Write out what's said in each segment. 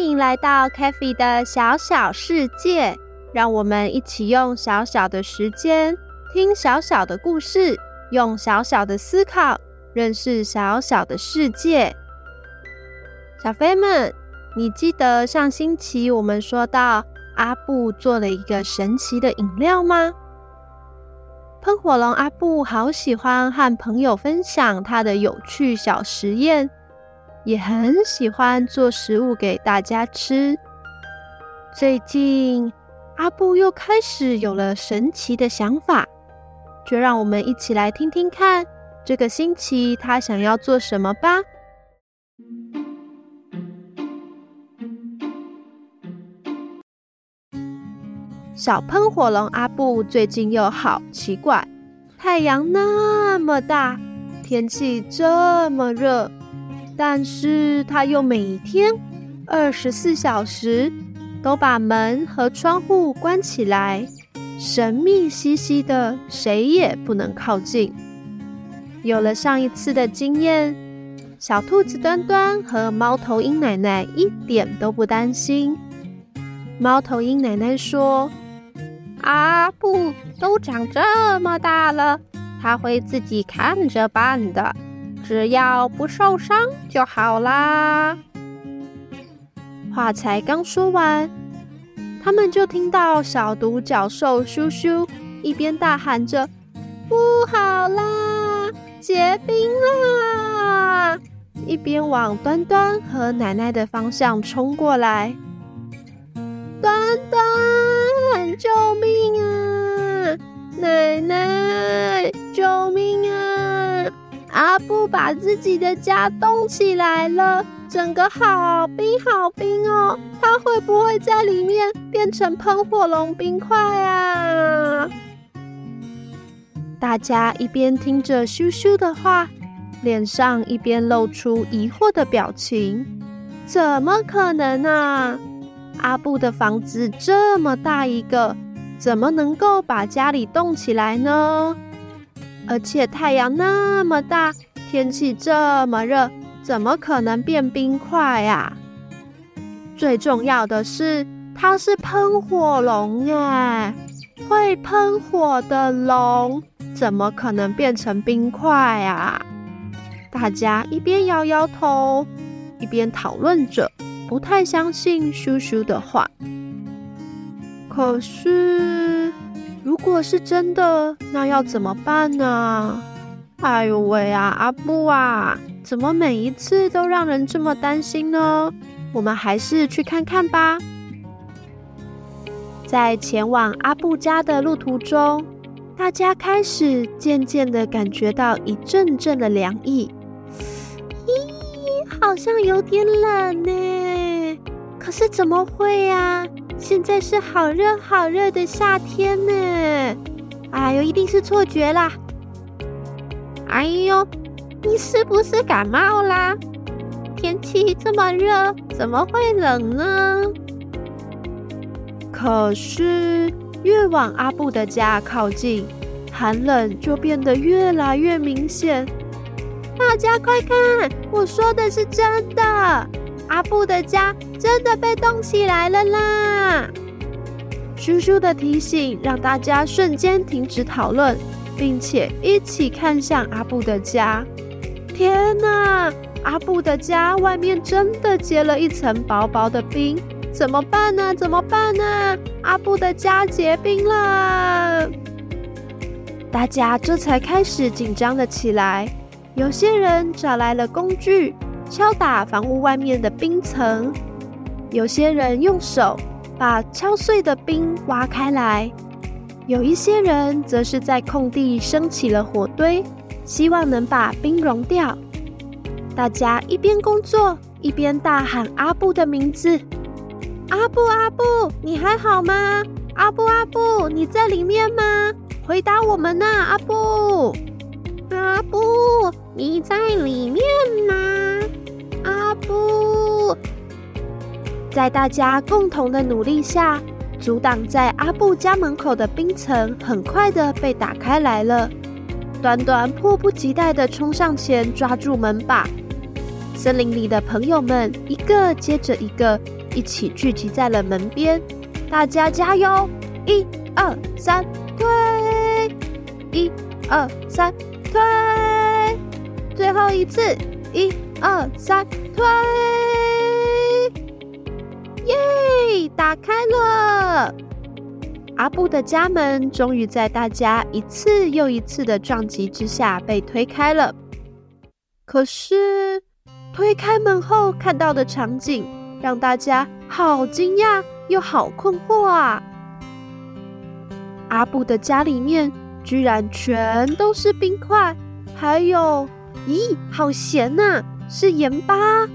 歡迎來到 Kathy 的小小世界，讓我們一起用小小的時間聽小小的故事，用小小的思考認識小小的世界。小飛們，你記得上星期我們說到阿布做了一個神奇的飲料嗎？噴火龍阿布好喜歡和朋友分享他的有趣小實驗。也很喜歡做食物給大家吃。最近，阿布又開始有了神奇的想法，就讓我們一起來聽聽看這個星期他想要做什麼吧。小噴火龍阿布最近又好奇怪，太陽那麼大，天氣這麼熱。但是，他又每天二十四小時都把門和窗戶關起來，神秘兮兮的，誰也不能靠近。有了上一次的經驗，小兔子端端和貓頭鷹奶奶一點都不擔心。貓頭鷹奶奶說：“阿布，都長這麼大了，他會自己看着辦的。”只要不受傷就好啦。話才剛說完，他們就聽到小獨角獸叔叔一邊大喊着“不好啦，結冰啦”，一邊往端端和奶奶的方向衝過來。“端端，救命啊！奶奶，救命啊！”阿布把自己的家凍起來了，整個好冰好冰哦！它會不會在裡面變成噴火龍冰塊啊？大家一邊聽着咻咻的話，臉上一邊露出疑惑的表情。怎麼可能啊？阿布的房子這麼大一個，怎麼能夠把家裡凍起來呢？而且太陽那麼大，天氣這麼熱，怎麼可能變冰塊呀、啊？最重要的是，它是噴火龍哎，會噴火的龍，怎麼可能變成冰塊啊？大家一邊搖搖頭，一邊討論着，不太相信叔叔的話。可是……如果是真的，那要怎麼辦呢？哎呦喂啊，阿布啊，怎麼每一次都讓人這麼擔心呢？我們還是去看看吧。在前往阿布家的路途中，大家開始漸漸的感覺到一陣陣的涼意。咦， 好像有點冷呢。可是怎麼會呀？現在是好熱好熱的夏天呢！哎呦，一定是錯覺啦！哎呦，你是不是感冒啦？天氣這麼熱，怎麼會冷呢？可是越往阿布的家靠近，寒冷就變得越來越明顯。大家快看，我說的是真的！阿布的家真的被凍起來了啦！叔叔的提醒讓大家瞬間停止討論，並且一起看向阿布的家。天哪！阿布的家外面真的結了一層薄薄的冰，怎麼辦呢？怎麼辦呢？阿布的家結冰了！大家這才開始緊張了起來，有些人找來了工具。敲打房屋外面的冰層，有些人用手把敲碎的冰挖開來，有一些人則是在空地升起了火堆，希望能把冰融掉。大家一邊工作一邊大喊阿布的名字：“阿布阿布，你還好嗎？阿布阿布，你在裡面嗎？回答我們呢，阿布，阿布，你在裡面嗎？” 在大家共同的努力下，阻擋在阿布家門口的冰層很快的被打開來了。短短迫不及待的衝上前抓住門把，森林裡的朋友們一個接着一個一起聚集在了門邊，大家加油！一二三，推！一二三，推！最後一次。一二三，推！耶，yeah，打開了！阿布的家門終於在大家一次又一次的撞擊之下被推開了。可是，推開門後看到的場景讓大家好驚訝又好困惑啊！阿布的家裡面居然全都是冰塊，還有……咦，好鹹吶、啊，是鹽巴。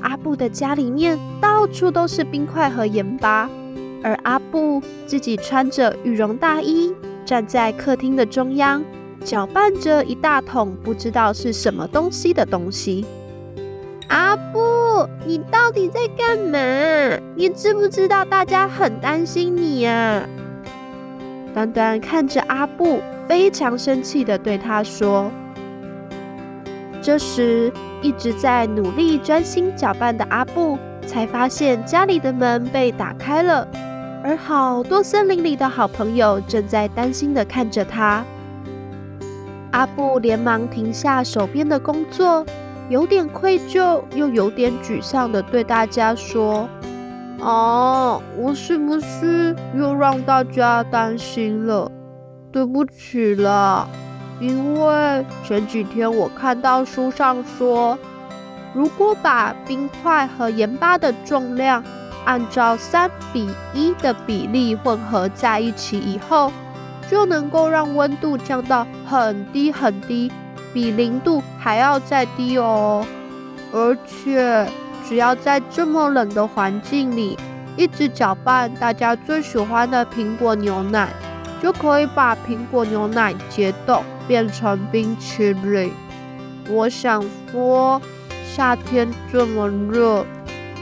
阿布的家裡面到處都是冰塊和鹽巴，而阿布自己穿着羽絨大衣，站在客廳的中央，攪拌着一大桶不知道是什麼東西的東西。阿布，你到底在幹嘛？你知不知道大家很擔心你啊？短短看着阿布，非常生氣地對他說。這時，一直在努力專心攪拌的阿布才發現家裡的門被打開了，而好多森林裡的好朋友正在擔心的看着他。阿布連忙停下手邊的工作，有點愧疚又有點沮喪的對大家說：“哦、啊，我是不是又讓大家擔心了？對不起啦。”因為前幾天我看到書上說，如果把冰塊和鹽巴的重量按照三比一的比例混合在一起以後，就能夠讓溫度降到很低很低，比零度還要再低哦。而且只要在這麼冷的環境裡，一直攪拌大家最喜歡的蘋果牛奶。就可以把蘋果牛奶結凍變成冰淇淋。我想說，夏天這麼熱，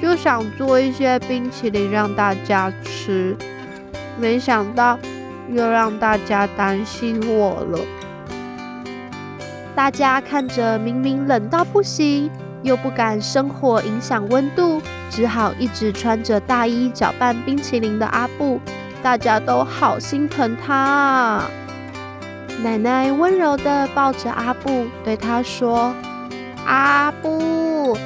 就想做一些冰淇淋讓大家吃。沒想到又讓大家擔心我了。大家看着明明冷到不行，又不敢生火影響溫度，只好一直穿着大衣攪拌冰淇淋的阿布。大家都好心疼他。奶奶溫柔地抱着阿布，對他說：“阿布，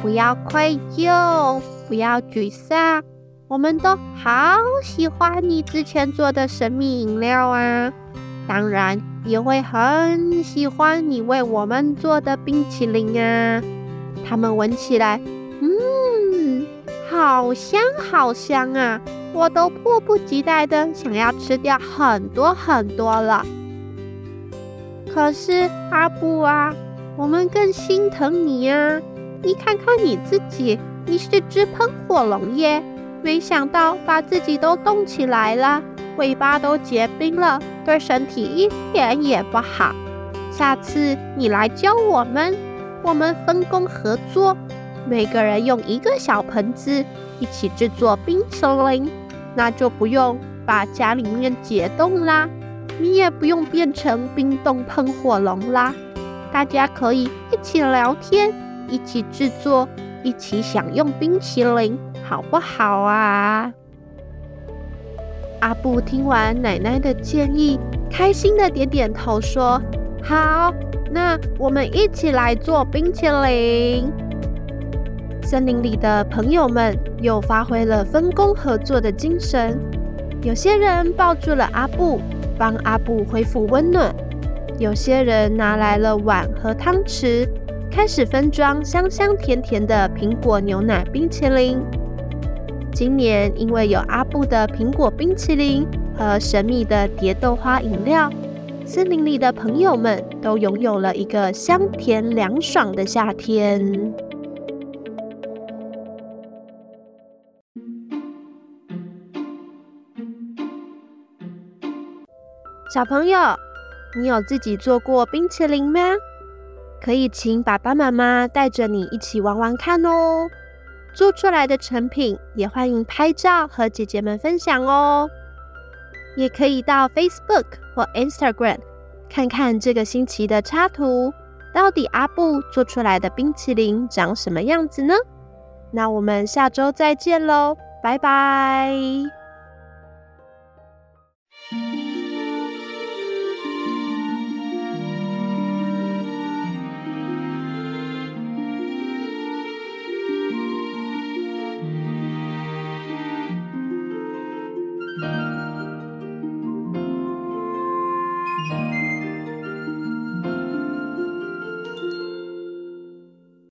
不要愧疚，不要沮喪。我們都好喜歡你之前做的神秘飲料啊，當然也會很喜歡你為我們做的冰淇淋啊。它們聞起來，嗯，好香好香啊。”我都迫不及待的想要吃掉很多很多了，可是阿布啊，我們更心疼你啊。你看看你自己，你是隻噴火龍耶，沒想到把自己都凍起來了，尾巴都結冰了，對身體一點也不好。下次你來教我們，我們分工合作，每個人用一個小盆子，一起制作冰淇淋。那就不用把家裡面解凍啦，你也不用變成冰凍噴火龍啦，大家可以一起聊天，一起制作，一起享用冰淇淋，好不好啊？阿布聽完奶奶的建議，開心地點點頭，說：“好，那我們一起來做冰淇淋。”森林裡的朋友們又發揮了分工合作的精神，有些人抱住了阿布，幫阿布恢復溫暖；有些人拿來了碗和湯匙，開始分裝香香甜甜的蘋果牛奶冰淇淋。今年因為有阿布的蘋果冰淇淋和神秘的蝶豆花飲料，森林裡的朋友們都擁有了一個香甜涼爽的夏天。小朋友，你有自己做過冰淇淋嗎？可以請爸爸媽媽帶着你一起玩玩看哦。做出來的成品也歡迎拍照和姐姐們分享哦。也可以到 Facebook 或 Instagram 看看這個星期的插圖，到底阿布做出來的冰淇淋長什麼樣子呢？那我們下周再見嘍，拜拜。